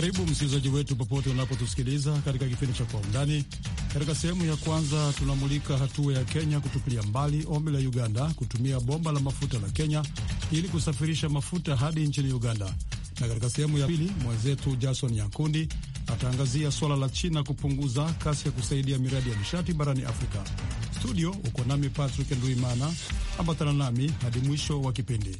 Karibu msikilizaji wetu popote unapotusikiliza katika kipindi cha Kwa Undani. Katika sehemu ya kwanza, tunamulika hatua ya Kenya kutupilia mbali ombi la Uganda kutumia bomba la mafuta la Kenya ili kusafirisha mafuta hadi nchini Uganda, na katika sehemu ya pili mwenzetu Jason Nyakundi ataangazia suala la China kupunguza kasi ya kusaidia miradi ya nishati barani Afrika. Studio uko nami Patrick Nduimana, ambatana nami hadi mwisho wa kipindi.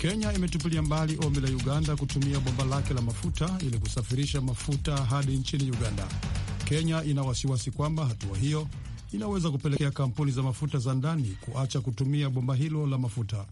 Kenya imetupilia mbali ombi la Uganda kutumia bomba lake la mafuta ili kusafirisha mafuta hadi nchini Uganda. Kenya ina wasiwasi kwamba hatua hiyo inaweza kupelekea kampuni za mafuta za ndani kuacha kutumia bomba hilo la mafuta.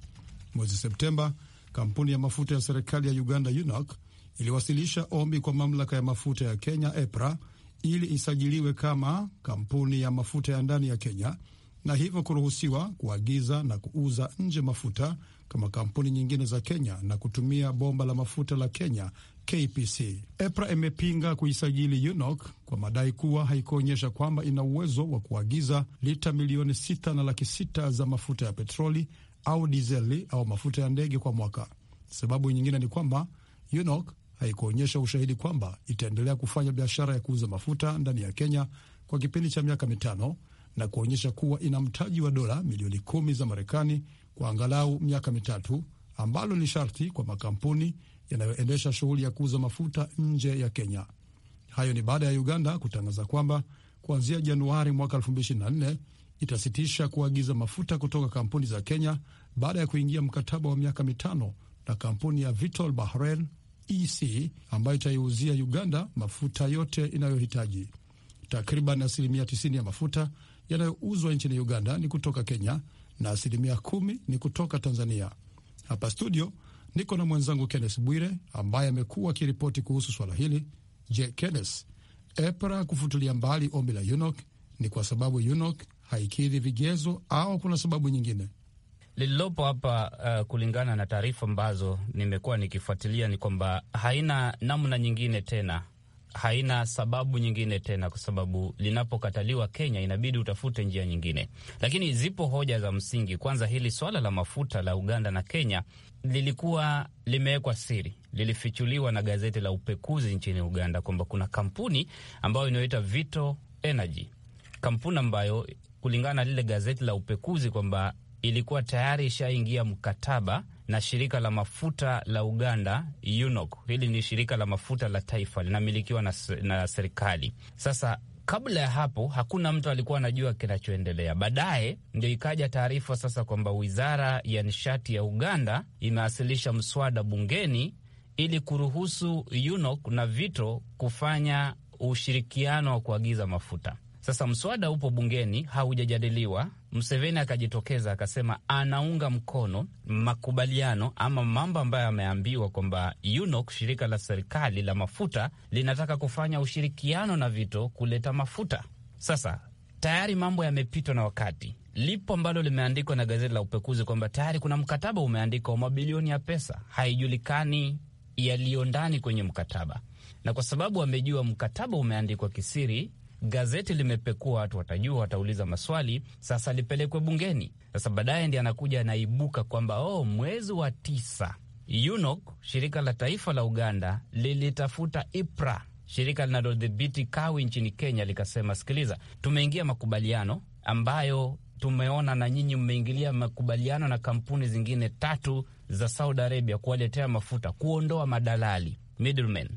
Mwezi Septemba, kampuni ya mafuta ya serikali ya Uganda UNOC iliwasilisha ombi kwa mamlaka ya mafuta ya Kenya EPRA ili isajiliwe kama kampuni ya mafuta ya ndani ya Kenya na hivyo kuruhusiwa kuagiza na kuuza nje mafuta kama kampuni nyingine za Kenya na kutumia bomba la mafuta la Kenya KPC. EPRA imepinga kuisajili UNOC kwa madai kuwa haikuonyesha kwamba ina uwezo wa kuagiza lita milioni sita na laki sita za mafuta ya petroli au dizeli au mafuta ya ndege kwa mwaka. Sababu nyingine ni kwamba UNOC haikuonyesha ushahidi kwamba itaendelea kufanya biashara ya kuuza mafuta ndani ya Kenya kwa kipindi cha miaka mitano na kuonyesha kuwa ina mtaji wa dola milioni kumi za Marekani kwa angalau miaka mitatu, ambalo ni sharti kwa makampuni yanayoendesha shughuli ya kuuza mafuta nje ya Kenya. Hayo ni baada ya Uganda kutangaza kwamba kuanzia Januari mwaka 2024 itasitisha kuagiza mafuta kutoka kampuni za Kenya baada ya kuingia mkataba wa miaka mitano na kampuni ya Vitol Bahrain EC ambayo itaiuzia Uganda mafuta yote inayohitaji. Takriban asilimia 90 ya mafuta yanayouzwa nchini Uganda ni kutoka Kenya, na asilimia kumi ni kutoka Tanzania. Hapa studio niko na mwenzangu Kennes Bwire ambaye amekuwa akiripoti kuhusu swala hili. Je, Kennes, EPRA kufutilia mbali ombi la UNOC ni kwa sababu UNOC haikidhi vigezo au kuna sababu nyingine? Lililopo hapa uh, kulingana na taarifa ambazo nimekuwa nikifuatilia ni kwamba haina namna nyingine tena haina sababu nyingine tena, kwa sababu linapokataliwa Kenya inabidi utafute njia nyingine, lakini zipo hoja za msingi. Kwanza, hili swala la mafuta la Uganda na Kenya lilikuwa limewekwa siri, lilifichuliwa na gazeti la upekuzi nchini Uganda kwamba kuna kampuni ambayo inayoita Vito Energy, kampuni ambayo kulingana na lile gazeti la upekuzi kwamba ilikuwa tayari ishaingia mkataba na shirika la mafuta la Uganda UNOC. Hili ni shirika la mafuta la taifa linamilikiwa na, na serikali. Sasa kabla ya hapo hakuna mtu alikuwa anajua kinachoendelea. Baadaye ndio ikaja taarifa sasa kwamba wizara ya nishati ya Uganda imewasilisha mswada bungeni ili kuruhusu UNOC na Vito kufanya ushirikiano wa kuagiza mafuta. Sasa mswada upo bungeni, haujajadiliwa. mseveni akajitokeza akasema anaunga mkono makubaliano ama mambo ambayo ameambiwa kwamba UNOC, shirika la serikali la mafuta, linataka kufanya ushirikiano na vito kuleta mafuta. Sasa tayari mambo yamepitwa na wakati. Lipo ambalo limeandikwa na gazeti la upekuzi kwamba tayari kuna mkataba umeandikwa wa mabilioni ya pesa, haijulikani yaliyo ndani kwenye mkataba, na kwa sababu amejua mkataba umeandikwa kisiri gazeti limepekua, watu watajua, watauliza maswali, sasa lipelekwe bungeni. Sasa baadaye ndi anakuja anaibuka kwamba oh, mwezi wa tisa UNOC, shirika la taifa la Uganda, lilitafuta IPRA, shirika linalodhibiti kawi nchini Kenya, likasema, sikiliza, tumeingia makubaliano ambayo tumeona na nyinyi mmeingilia makubaliano na kampuni zingine tatu za Saudi Arabia kuwaletea mafuta, kuondoa madalali middlemen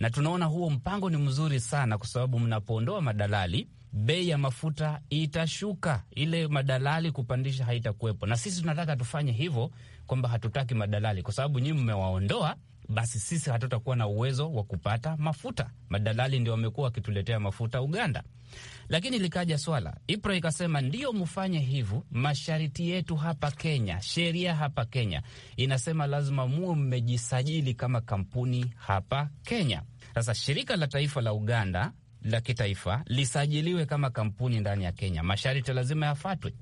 na tunaona huo mpango ni mzuri sana, kwa sababu mnapoondoa madalali bei ya mafuta itashuka, ile madalali kupandisha haitakuwepo. Na sisi tunataka tufanye hivyo, kwamba hatutaki madalali, kwa sababu nyinyi mmewaondoa basi sisi hatutakuwa na uwezo wa kupata mafuta. Madalali ndio wamekuwa wakituletea mafuta Uganda. Lakini likaja swala IPRA ikasema ndio mfanye hivyo, masharti yetu hapa Kenya, sheria hapa Kenya inasema lazima muwe mmejisajili kama kampuni hapa Kenya. Sasa shirika la taifa la Uganda la kitaifa lisajiliwe kama kampuni ndani ya Kenya. Masharti lazima yafuatwe.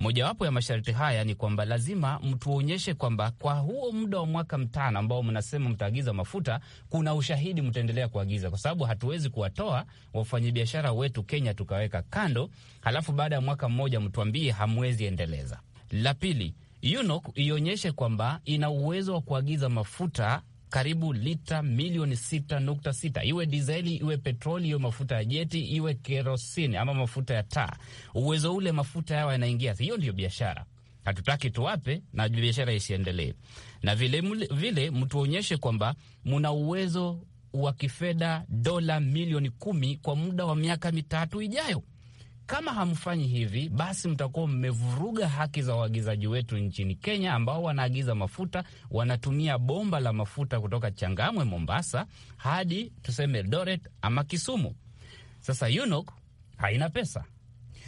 Mojawapo ya masharti haya ni kwamba lazima mtuonyeshe kwamba kwa huo muda wa mwaka mtano ambao mnasema mtaagiza mafuta, kuna ushahidi mtaendelea kuagiza, kwa sababu hatuwezi kuwatoa wafanyabiashara wetu Kenya tukaweka kando, halafu baada ya mwaka mmoja mtuambie hamwezi endeleza. La pili, UNOC ionyeshe kwamba ina uwezo wa kuagiza mafuta karibu lita milioni 6.6 iwe dizeli iwe petroli iwe mafuta ya jeti iwe kerosini ama mafuta ya taa. Uwezo ule mafuta yao yanaingia, hiyo ndio biashara. Hatutaki tuwape na biashara isiendelee, na vile vile mtuonyeshe kwamba muna uwezo wa kifedha dola milioni kumi kwa muda wa miaka mitatu ijayo. Kama hamfanyi hivi, basi mtakuwa mmevuruga haki za waagizaji wetu nchini Kenya ambao wanaagiza mafuta, wanatumia bomba la mafuta kutoka Changamwe, Mombasa hadi tuseme Eldoret ama Kisumu. Sasa UNOC haina pesa,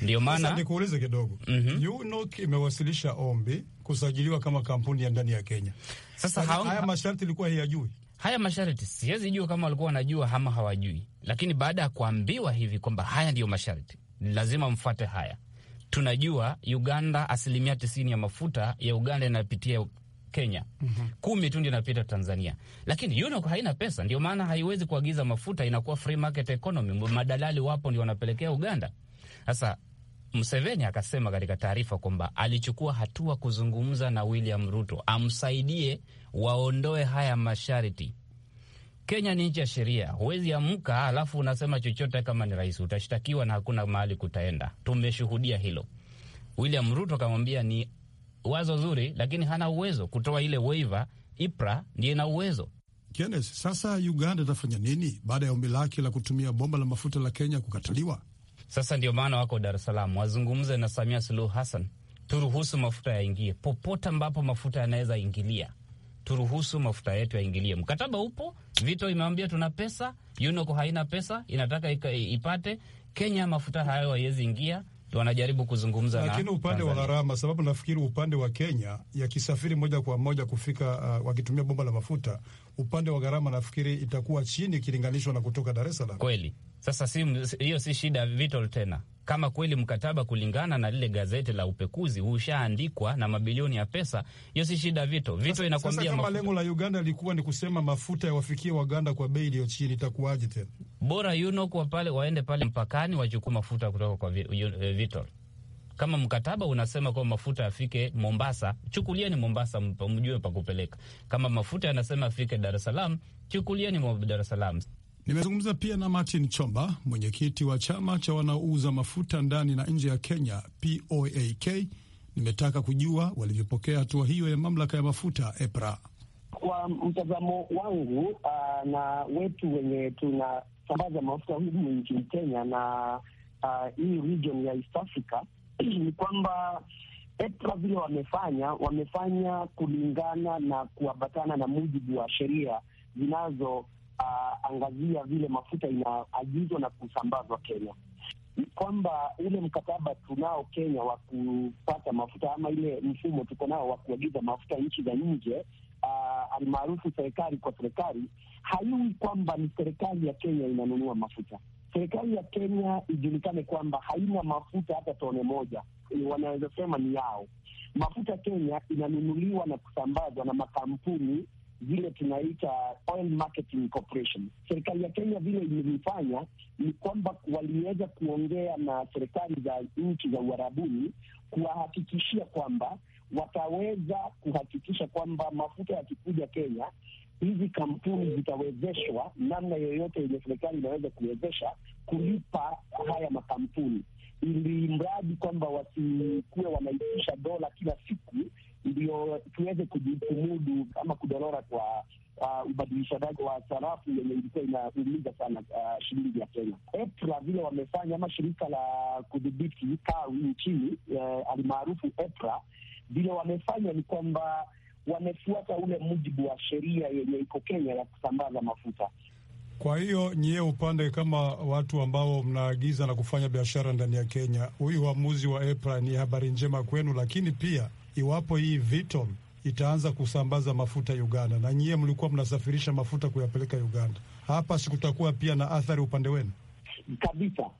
ndio maana nikuulize kidogo. mm -hmm. UNOC imewasilisha ombi kusajiliwa kama kampuni ya ndani ya Kenya. Sasa yaani haonga... haya masharti ilikuwa hiyajui haya masharti siwezi jua kama walikuwa wanajua ama hawajui, lakini baada ya kuambiwa hivi kwamba haya ndiyo masharti, lazima mfuate haya. Tunajua Uganda, asilimia tisini ya mafuta ya Uganda inapitia Kenya. Mm -hmm. Kumi tu ndio inapita Tanzania, lakini UNOC haina pesa, ndio maana haiwezi kuagiza mafuta, inakuwa free market economy. Madalali wapo ndio wanapelekea Uganda. Sasa Museveni akasema katika taarifa kwamba alichukua hatua kuzungumza na William Ruto amsaidie waondoe haya masharti Kenya ni nchi ya sheria, huwezi amka alafu unasema chochote. Kama ni rais, utashtakiwa na hakuna mahali kutaenda. Tumeshuhudia hilo. William Ruto akamwambia ni wazo zuri, lakini hana uwezo kutoa ile waiver. IPRA ndiye na uwezo. Kenneth, sasa Uganda itafanya nini baada ya ombi lake la kutumia bomba la mafuta la Kenya kukataliwa? Sasa ndio maana wako Dar es Salaam wazungumze na Samia Suluhu Hassan, turuhusu mafuta yaingie popote ambapo mafuta yanaweza ingilia turuhusu mafuta yetu yaingilie. Mkataba upo, Vito imewambia tuna pesa, Unoko haina pesa, inataka ipate Kenya mafuta hayo haiwezi ingia wanajaribu kuzungumza lakini upande wa gharama, sababu nafikiri upande wa Kenya yakisafiri moja kwa moja kufika, uh, wakitumia bomba la mafuta, upande wa gharama nafikiri itakuwa chini ikilinganishwa na kutoka Dar es Salaam. Kweli sasa, si hiyo si shida Vitol tena kama kweli mkataba kulingana na lile gazeti la upekuzi ushaandikwa na mabilioni ya pesa, hiyo si shida. Vito Vito inakwambia kama lengo la Uganda lilikuwa ni kusema mafuta yawafikie Waganda kwa bei iliyo chini, itakuwaje tena? Bora yuno kwa pale waende pale mpakani wachukue mafuta kutoka kwa Vito. Eh, kama mkataba unasema kwamba mafuta yafike Mombasa, chukulieni Mombasa, mjue pa kupeleka. Kama mafuta yanasema afike Dar es Salaam, chukulieni Dar es Salaam. Nimezungumza pia na Martin Chomba, mwenyekiti wa chama cha wanaouza mafuta ndani na nje ya Kenya, POAK. Nimetaka kujua walivyopokea hatua hiyo ya mamlaka ya mafuta EPRA. Kwa mtazamo wangu uh, na wetu wenye tunasambaza mafuta humu nchini Kenya na uh, hii region ya East Africa ni kwamba EPRA vile wamefanya, wamefanya kulingana na kuambatana na mujibu wa sheria zinazo uh, angazia vile mafuta inaagizwa na kusambazwa Kenya, kwamba ule mkataba tunao Kenya wa kupata mafuta ama ile mfumo tuko nao wa kuagiza mafuta nchi za nje uh, almaarufu serikali kwa serikali, haiwi kwamba ni serikali ya Kenya inanunua mafuta. Serikali ya Kenya ijulikane kwamba haina mafuta hata tone moja, wanaweza sema ni yao mafuta. Kenya inanunuliwa na kusambazwa na makampuni vile tunaita Oil Marketing Corporation. Serikali ya Kenya vile ilivyofanya ni kwamba waliweza kuongea na serikali za nchi za uharabuni kuwahakikishia kwamba wataweza kuhakikisha kwamba mafuta yakikuja Kenya, hizi kampuni zitawezeshwa namna yoyote yenye serikali inaweza kuwezesha kulipa haya makampuni, ili mradi kwamba wasikuwe wanaitisha dola kila siku ndio tuweze kumudu ama kudorora kwa Uh, ubadilishanaji wa sarafu yenye ilikuwa inaumiza sana uh, shilingi ya Kenya. EPRA vile wamefanya ama shirika la kudhibiti kawi nchini uh, alimaarufu EPRA vile wamefanya ni kwamba wamefuata ule mujibu wa sheria yenye iko Kenya ya kusambaza mafuta. Kwa hiyo nyie upande kama watu ambao mnaagiza na kufanya biashara ndani ya Kenya, huyu uamuzi wa EPRA ni habari njema kwenu, lakini pia iwapo hii Vitom itaanza kusambaza mafuta Uganda, na nyie mlikuwa mnasafirisha mafuta kuyapeleka Uganda, hapa sikutakuwa pia na athari upande wenu kabisa?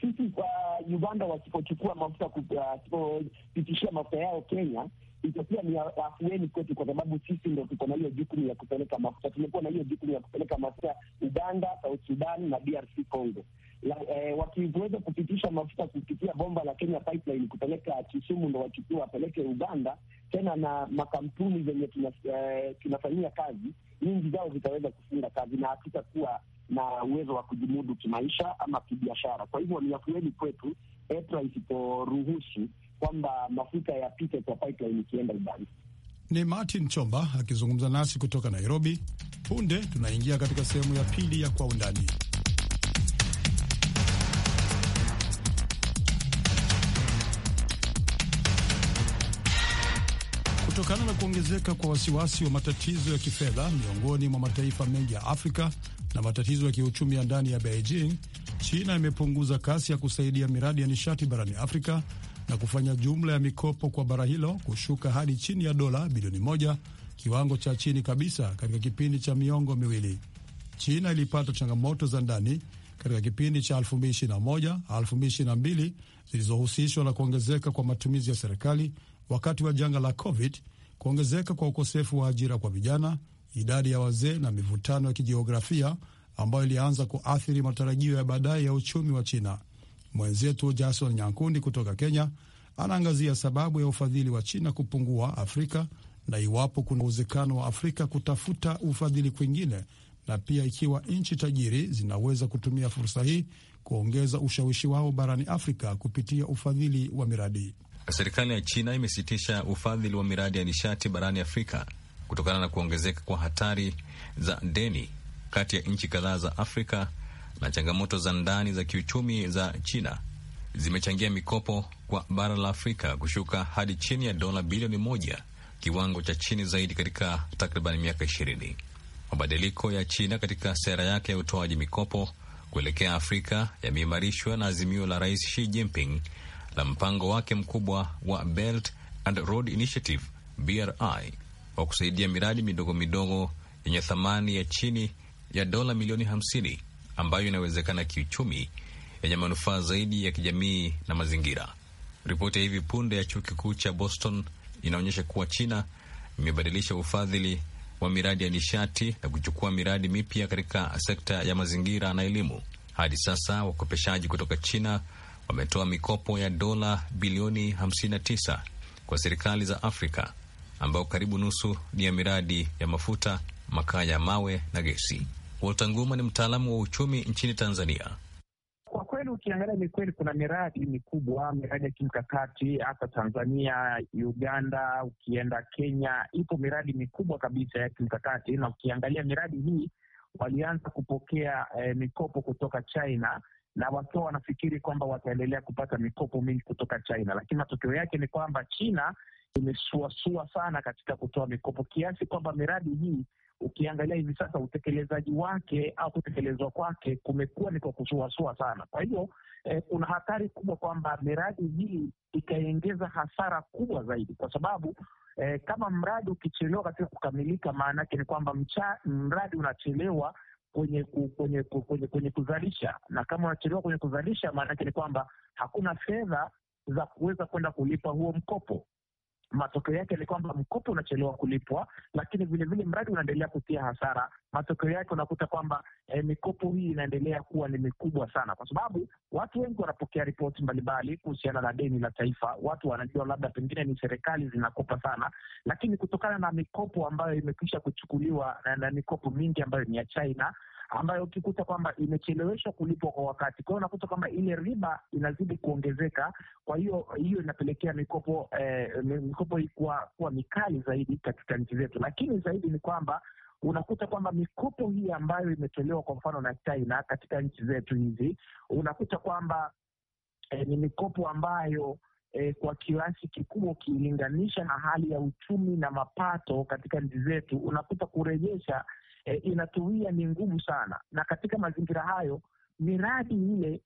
Sisi kwa uh, Uganda wasipochukua mafuta uh, wasipopitishia uh, mafuta yao Kenya itakuwa ni afueni kwetu, kwa sababu sisi ndo tuko na hiyo jukumu ya kupeleka mafuta. Tumekuwa na hiyo jukumu ya kupeleka mafuta Uganda, South Sudan na DRC Congo eh, wakiweza kupitisha mafuta kupitia bomba la Kenya Pipeline kupeleka Kisumu, ndo wachukua wapeleke Uganda tena, na makampuni zenye eh, tunafanyia eh, kazi nyingi zao zitaweza kufunga kazi na hatutakuwa na uwezo wa kujimudu kimaisha ama kibiashara. Kwa hivyo ni afueni kwetu EPRA eh, isiporuhusu kwamba mafuta yapite kwa pipeline ikienda Uganda. Ni Martin Chomba akizungumza nasi kutoka Nairobi. Punde tunaingia katika sehemu ya pili ya Kwa Undani. Kutokana na kuongezeka kwa wasiwasi wa matatizo ya kifedha miongoni mwa mataifa mengi ya Afrika na matatizo ya kiuchumi ya ndani ya Beijing, China imepunguza kasi ya kusaidia miradi ya nishati barani Afrika na kufanya jumla ya mikopo kwa bara hilo kushuka hadi chini ya dola bilioni moja, kiwango cha chini kabisa katika kipindi cha miongo miwili. China ilipata changamoto za ndani katika kipindi cha 2021 2022 zilizohusishwa na kuongezeka kwa matumizi ya serikali wakati wa janga la COVID, kuongezeka kwa ukosefu wa ajira kwa vijana, idadi ya wazee na mivutano ya kijiografia ambayo ilianza kuathiri matarajio ya baadaye ya uchumi wa China. Mwenzetu Jason Nyankundi kutoka Kenya anaangazia sababu ya ufadhili wa China kupungua Afrika na iwapo kuna uwezekano wa Afrika kutafuta ufadhili kwingine na pia ikiwa nchi tajiri zinaweza kutumia fursa hii kuongeza ushawishi wao barani Afrika kupitia ufadhili wa miradi. Serikali ya China imesitisha ufadhili wa miradi ya nishati barani Afrika kutokana na kuongezeka kwa hatari za deni kati ya nchi kadhaa za Afrika na changamoto za ndani za kiuchumi za China zimechangia mikopo kwa bara la Afrika kushuka hadi chini ya dola bilioni moja, kiwango cha chini zaidi katika takriban miaka ishirini. Mabadiliko ya China katika sera yake ya utoaji mikopo kuelekea Afrika yameimarishwa na azimio la Rais Xi Jinping la mpango wake mkubwa wa Belt and Road Initiative BRI wa kusaidia miradi midogo midogo yenye thamani ya chini ya dola milioni 50 ambayo inawezekana kiuchumi, yenye manufaa zaidi ya kijamii na mazingira. Ripoti ya hivi punde ya chuo kikuu cha Boston inaonyesha kuwa China imebadilisha ufadhili wa miradi ya nishati na kuchukua miradi mipya katika sekta ya mazingira na elimu. Hadi sasa wakopeshaji kutoka China wametoa mikopo ya dola bilioni 59 kwa serikali za Afrika, ambao karibu nusu ni ya miradi ya mafuta, makaa ya mawe na gesi. Walter Nguma ni mtaalamu wa uchumi nchini Tanzania kweli ukiangalia, ni kweli kuna miradi mikubwa, miradi ya kimkakati hasa Tanzania, Uganda, ukienda Kenya, ipo miradi mikubwa kabisa ya kimkakati, na ukiangalia miradi hii walianza kupokea eh, mikopo kutoka China na wakiwa wanafikiri kwamba wataendelea kupata mikopo mingi kutoka China, lakini matokeo yake ni kwamba China imesuasua sana katika kutoa mikopo kiasi kwamba miradi hii ukiangalia hivi sasa utekelezaji wake au kutekelezwa kwake kumekuwa ni kwa kusuasua sana. Kwa hiyo eh, kuna hatari kubwa kwamba miradi hii ikaengeza hasara kubwa zaidi, kwa sababu eh, kama mradi ukichelewa katika kukamilika, maana yake ni kwamba mradi unachelewa kwenye kwenye kwenye kwenye kuzalisha, na kama unachelewa kwenye kuzalisha, maana yake ni kwamba hakuna fedha za kuweza kwenda kulipa huo mkopo. Matokeo yake ni kwamba mkopo unachelewa kulipwa, lakini vilevile mradi unaendelea kutia hasara. Matokeo yake unakuta kwamba eh, mikopo hii inaendelea kuwa ni mikubwa sana, kwa sababu watu wengi wanapokea ripoti mbalimbali kuhusiana na deni la taifa. Watu wanajua labda pengine ni serikali zinakopa sana, lakini kutokana na mikopo ambayo imekwisha kuchukuliwa na, na mikopo mingi ambayo ni ya China ambayo ukikuta kwamba imecheleweshwa kulipwa kwa wakati. Kwa hiyo unakuta kwamba ile riba inazidi kuongezeka, kwa hiyo hiyo inapelekea mikopo eh, mikopo kuwa, kuwa mikali zaidi katika nchi zetu, lakini zaidi ni kwamba unakuta kwamba mikopo hii ambayo imetolewa kwa mfano na China katika nchi zetu hizi, unakuta kwamba eh, ni mikopo ambayo eh, kwa kiasi kikubwa ukilinganisha na hali ya uchumi na mapato katika nchi zetu, unakuta kurejesha e, inatuia ni ngumu sana, na katika mazingira hayo miradi ile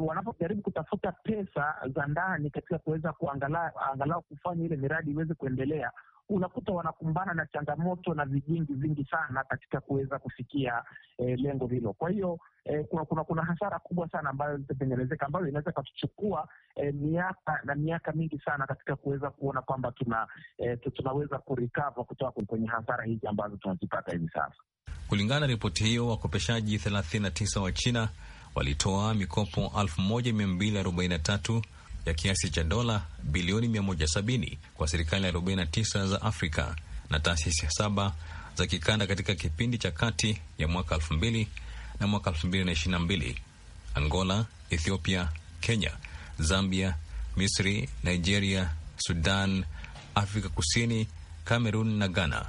wanapojaribu kutafuta pesa za ndani katika kuweza kuangalau kufanya ile miradi iweze kuendelea, unakuta wanakumbana na changamoto na vijingi vingi sana katika kuweza kufikia eh, lengo hilo. Kwa hiyo eh, kuna, kuna kuna hasara kubwa sana ambayo zitatengenezeka ambayo inaweza ikatuchukua eh, miaka na miaka mingi sana katika kuweza kuona kwamba tuna eh, tunaweza kurikava kutoka kwenye hasara hizi ambazo tunazipata hivi sasa. Kulingana na ripoti hiyo, wakopeshaji 39 wa China walitoa mikopo mia tatu ya kiasi cha dola bilioni 170 kwa serikali 49 za Afrika na taasisi saba za kikanda katika kipindi cha kati ya mwaka 2000 na mwaka 2022. Angola, Ethiopia, Kenya, Zambia, Misri, Nigeria, Sudan, Afrika Kusini, Cameroon na Ghana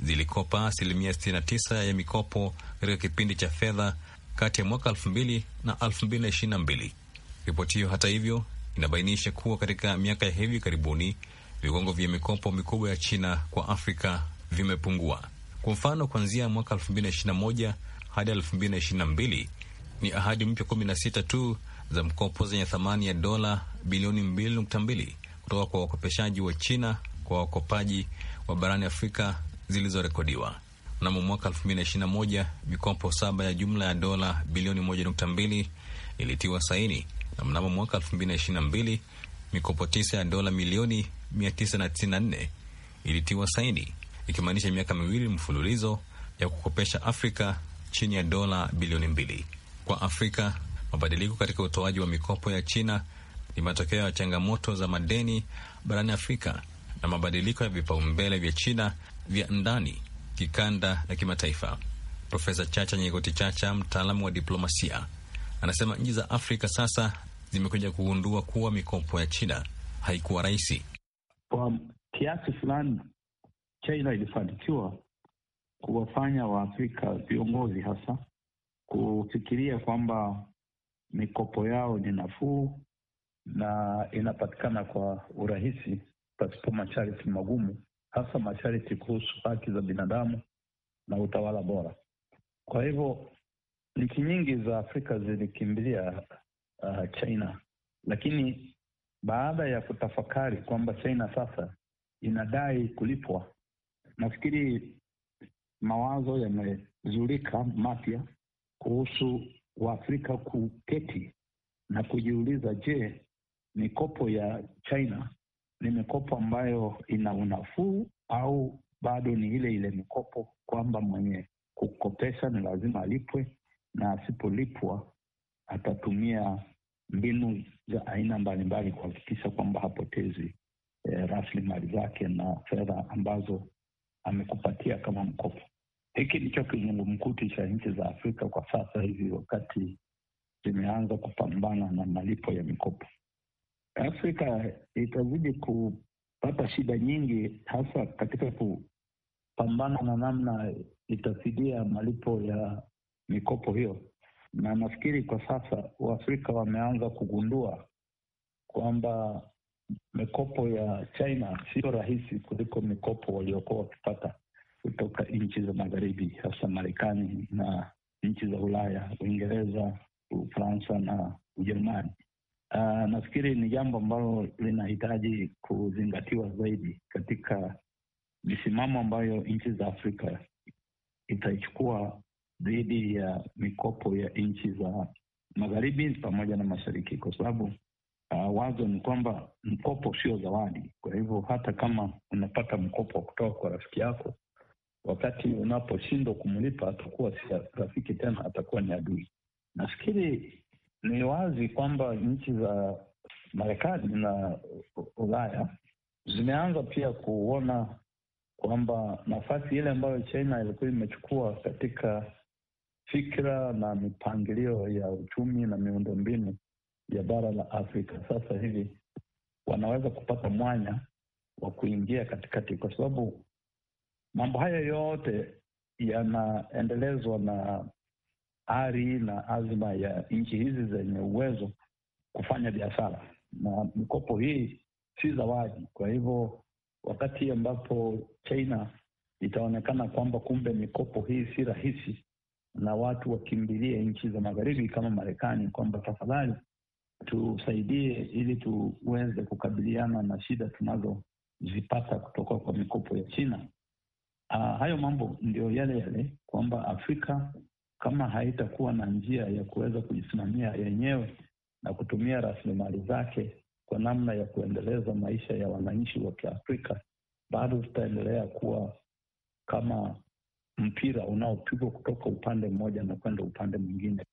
zilikopa asilimia 69 ya mikopo katika kipindi cha fedha kati ya mwaka 2000 na 2022. Ripoti hiyo hata hivyo inabainisha kuwa katika miaka ya hivi karibuni viwango vya mikopo mikubwa ya China kwa Afrika vimepungua. Kwa mfano, kuanzia mwaka 2021 hadi 2022 ni ahadi mpya 16 tu za mkopo zenye thamani ya dola bilioni 2.2 kutoka kwa wakopeshaji wa China kwa wakopaji wa barani Afrika zilizorekodiwa. Mnamo mwaka 2021 mikopo saba ya jumla ya dola bilioni 1.2 ilitiwa saini na mnamo mwaka 2022 mikopo tisa ya dola milioni 994 ilitiwa saini ikimaanisha miaka miwili mfululizo ya kukopesha Afrika chini ya dola bilioni mbili. Kwa Afrika, mabadiliko katika utoaji wa mikopo ya China ni matokeo ya changamoto za madeni barani Afrika na mabadiliko ya vipaumbele vya China vya ndani, kikanda na kimataifa. Profesa Chacha Nyegoti Chacha, mtaalamu wa diplomasia Anasema nchi za Afrika sasa zimekuja kugundua kuwa mikopo ya China haikuwa rahisi. Kwa kiasi fulani, China ilifanikiwa kuwafanya Waafrika viongozi hasa kufikiria kwamba mikopo yao ni nafuu na inapatikana kwa urahisi pasipo masharti magumu, hasa masharti kuhusu haki za binadamu na utawala bora. Kwa hivyo Nchi nyingi za Afrika zilikimbilia uh, China, lakini baada ya kutafakari kwamba China sasa inadai kulipwa, nafikiri mawazo yamezulika mapya kuhusu Waafrika kuketi na kujiuliza, je, mikopo ya China ni mikopo ambayo ina unafuu au bado ni ile ile mikopo kwamba mwenye kukopesha ni lazima alipwe na asipolipwa atatumia mbinu za aina mbalimbali kuhakikisha kwamba hapotezi eh, rasilimali zake na fedha ambazo amekupatia kama mkopo. Hiki ndicho kizungumkuti cha nchi za Afrika kwa sasa hivi, wakati zimeanza kupambana na malipo ya mikopo. Afrika itazidi kupata shida nyingi, hasa katika kupambana na namna itafidia malipo ya mikopo hiyo, na nafikiri kwa sasa Waafrika wameanza kugundua kwamba mikopo ya China siyo rahisi kuliko mikopo waliokuwa wakipata kutoka nchi za magharibi, hasa Marekani na nchi za Ulaya, Uingereza, Ufaransa na Ujerumani. Uh, nafikiri ni jambo ambalo linahitaji kuzingatiwa zaidi katika misimamo ambayo nchi za Afrika itaichukua dhidi ya mikopo ya nchi za magharibi pamoja na mashariki, kwa sababu uh, wazo ni kwamba mkopo sio zawadi. Kwa hivyo hata kama unapata mkopo wa kutoka kwa rafiki yako, wakati unaposhindwa kumlipa, atakuwa si rafiki tena, atakuwa ni adui. Nafikiri ni wazi kwamba nchi za Marekani na Ulaya zimeanza pia kuona kwamba nafasi ile ambayo China ilikuwa imechukua katika fikra na mipangilio ya uchumi na miundombinu ya bara la Afrika sasa hivi wanaweza kupata mwanya wa kuingia katikati, kwa sababu mambo haya yote yanaendelezwa na ari na azma ya nchi hizi zenye uwezo kufanya biashara, na mikopo hii si zawadi. Kwa hivyo wakati ambapo China itaonekana kwamba kumbe mikopo hii si rahisi na watu wakimbilie nchi za magharibi kama Marekani kwamba tafadhali tusaidie ili tuweze kukabiliana na shida tunazozipata kutoka kwa mikopo ya China. Uh, hayo mambo ndio yale yale kwamba Afrika kama haitakuwa na njia ya kuweza kujisimamia yenyewe na kutumia rasilimali zake kwa namna ya kuendeleza maisha ya wananchi wa Kiafrika, bado tutaendelea kuwa kama mpira unaopigwa kutoka upande mmoja na kwenda upande mwingine.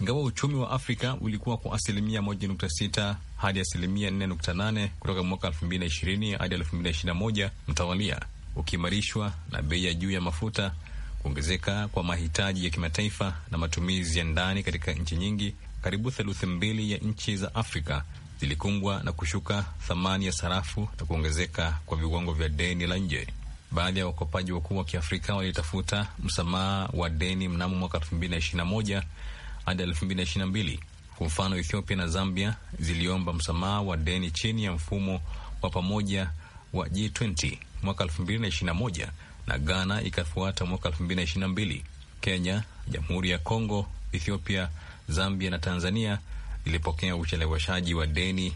Ingawa uchumi wa Afrika ulikuwa kwa asilimia moja nukta sita hadi asilimia nne nukta nane kutoka mwaka elfu mbili na ishirini hadi elfu mbili na ishirini na moja mtawalia, ukiimarishwa na bei ya juu ya mafuta, kuongezeka kwa mahitaji ya kimataifa na matumizi ya ndani katika nchi nyingi, karibu theluthi mbili ya nchi za Afrika zilikumbwa na kushuka thamani ya sarafu na kuongezeka kwa viwango vya deni la nje. Baadhi ya wakopaji wakuu wa Kiafrika walitafuta msamaha wa deni mnamo mwaka elfu hadi Kwa mfano, Ethiopia na Zambia ziliomba msamaha wa deni chini ya mfumo wa pamoja wa G20 mwaka elfu na Ghana ikafuata mwaka elfu Kenya, Jamhuri ya Kongo, Ethiopia, Zambia na Tanzania zilipokea ucheleweshaji wa deni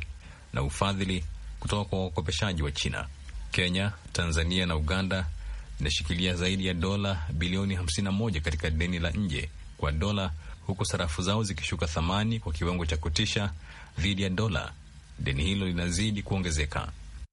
na ufadhili kutoka kwa wakopeshaji wa China. Kenya, Tanzania na Uganda inashikilia zaidi ya dola bilioni 51 katika deni la nje kwa dola, huku sarafu zao zikishuka thamani kwa kiwango cha kutisha dhidi ya dola. Deni hilo linazidi kuongezeka.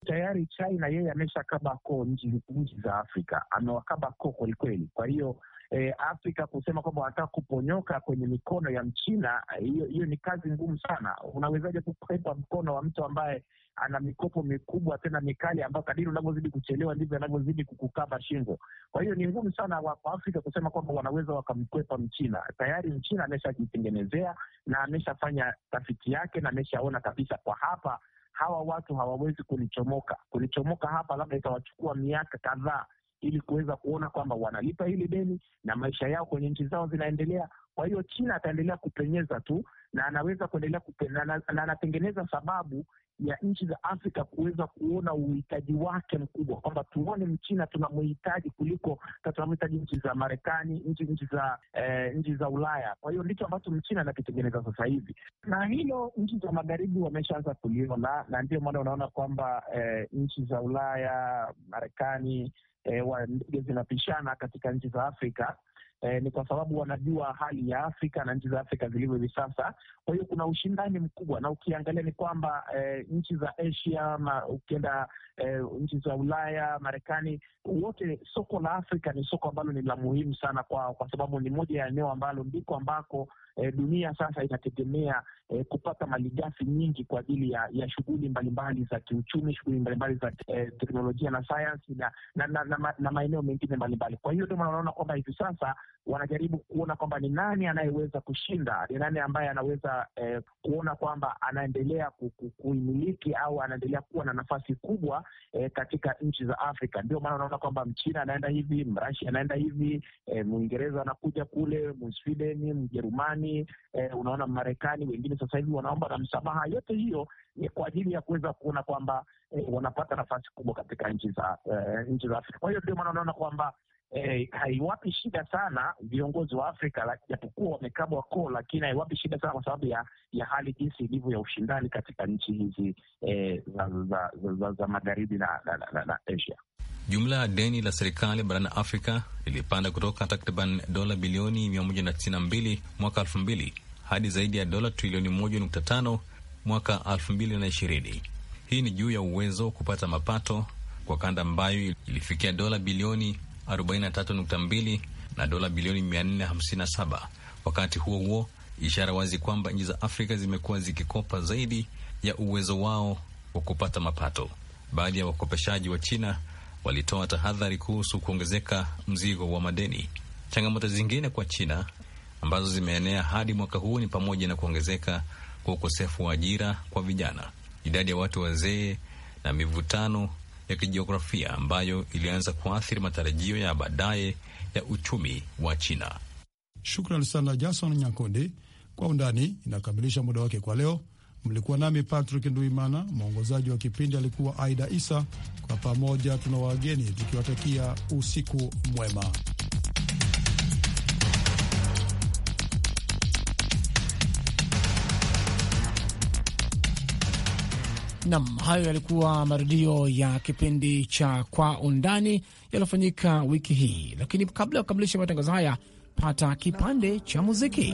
Tayari China yeye amesha kaba koo nchi za Afrika, amewakaba koo kwelikweli. Kwa hiyo e, Afrika kusema kwamba wanataka kuponyoka kwenye mikono ya Mchina, eh, hiyo ni kazi ngumu sana. Unawezaje kukwepa mkono wa mtu ambaye ana mikopo mikubwa tena mikali, ambayo kadiri unavyozidi kuchelewa ndivyo anavyozidi kukukaba shingo. Kwa hiyo ni ngumu sana Afrika kusema kwamba wanaweza wakamkwepa Mchina. Tayari Mchina ameshajitengenezea na ameshafanya tafiti yake na ameshaona kabisa, kwa hapa hawa watu hawawezi kunichomoka. Kunichomoka hapa labda itawachukua miaka kadhaa ili kuweza kuona kwamba wanalipa hili deni na maisha yao kwenye nchi zao zinaendelea. Kwa hiyo China ataendelea kupenyeza tu na anaweza kuendelea na anatengeneza sababu ya nchi za Afrika kuweza kuona uhitaji wake mkubwa, kwamba tuone mchina tunamhitaji kuliko tunamhitaji nchi za Marekani, nchi nchi za eh, nchi za Ulaya. Kwa hiyo ndicho ambacho mchina anakitengeneza sasa hivi, na hilo nchi za magharibi wameshaanza kuliona, na ndio maana unaona kwamba eh, nchi za Ulaya, Marekani, eh, ndege zinapishana katika nchi za Afrika eh, ni kwa sababu wanajua hali ya Afrika na nchi za Afrika zilivyo hivi sasa. Kwa hiyo kuna ushindani mkubwa, na ukiangalia ni kwamba eh, nchi za Asia ma, ukienda eh, nchi za Ulaya, Marekani, wote soko la Afrika ni soko ambalo ni la muhimu sana kwao kwa sababu ni moja ya eneo ambalo ndiko ambako e, dunia sasa inategemea e, kupata malighafi nyingi kwa ajili ya, ya shughuli mbalimbali za kiuchumi, shughuli mbalimbali za e, teknolojia na sayansi na, na, na, na, na maeneo mengine mbalimbali. Kwa hiyo ndio maana unaona kwamba hivi sasa wanajaribu kuona kwamba ni nani anayeweza kushinda, ni nani ambaye anaweza e, kuona kwamba anaendelea kuimiliki au anaendelea kuwa na nafasi kubwa e, katika nchi za Afrika. Ndio maana unaona kwamba Mchina anaenda hivi, Mrashi anaenda hivi, e, Mwingereza anakuja kule, Mswideni, Mjerumani Ujerumani eh, unaona Marekani, wengine sasa hivi wanaomba na msamaha. Yote hiyo ni kwa ajili ya kuweza kuona kwamba eh, wanapata nafasi kubwa katika nchi za eh, nchi za Afrika. Kwa hiyo ndio maana unaona kwamba eh, haiwapi shida sana viongozi wa Afrika, japokuwa wamekabwa koo, lakini haiwapi shida sana kwa sababu ya, ya hali jinsi ilivyo ya ushindani katika nchi hizi eh, za, za, za, za, za magharibi na, na, na, na Asia. Jumla ya deni la serikali barani Afrika lilipanda kutoka takriban dola bilioni 192 mwaka 2000 hadi zaidi ya dola trilioni 1.5 mwaka 2020. Hii ni juu ya uwezo wa kupata mapato kwa kanda ambayo ilifikia dola bilioni 43.2 na dola bilioni 457. Wakati huo huo, ishara wazi kwamba nchi za Afrika zimekuwa zikikopa zaidi ya uwezo wao wa kupata mapato. Baadhi ya wakopeshaji wa China walitoa tahadhari kuhusu kuongezeka mzigo wa madeni. Changamoto zingine kwa China ambazo zimeenea hadi mwaka huu ni pamoja na kuongezeka kwa ukosefu wa ajira kwa vijana, idadi ya watu wazee na mivutano ya kijiografia ambayo ilianza kuathiri matarajio ya baadaye ya uchumi wa China. Shukran sana Jason Nyakonde. Kwa Undani inakamilisha muda wake kwa leo. Mlikuwa nami Patrick Nduimana, mwongozaji wa kipindi alikuwa Aida Isa. Kwa pamoja tuna wageni tukiwatakia usiku mwema. Nam, hayo yalikuwa marudio ya kipindi cha Kwa Undani yaliyofanyika wiki hii, lakini kabla ya kukamilisha matangazo haya, pata kipande cha muziki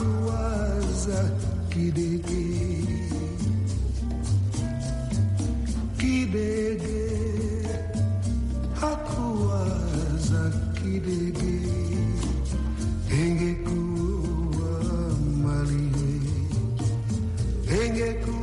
kuwaza kidege kidege hakuwaza kidege engekuwa maliwe engekuwa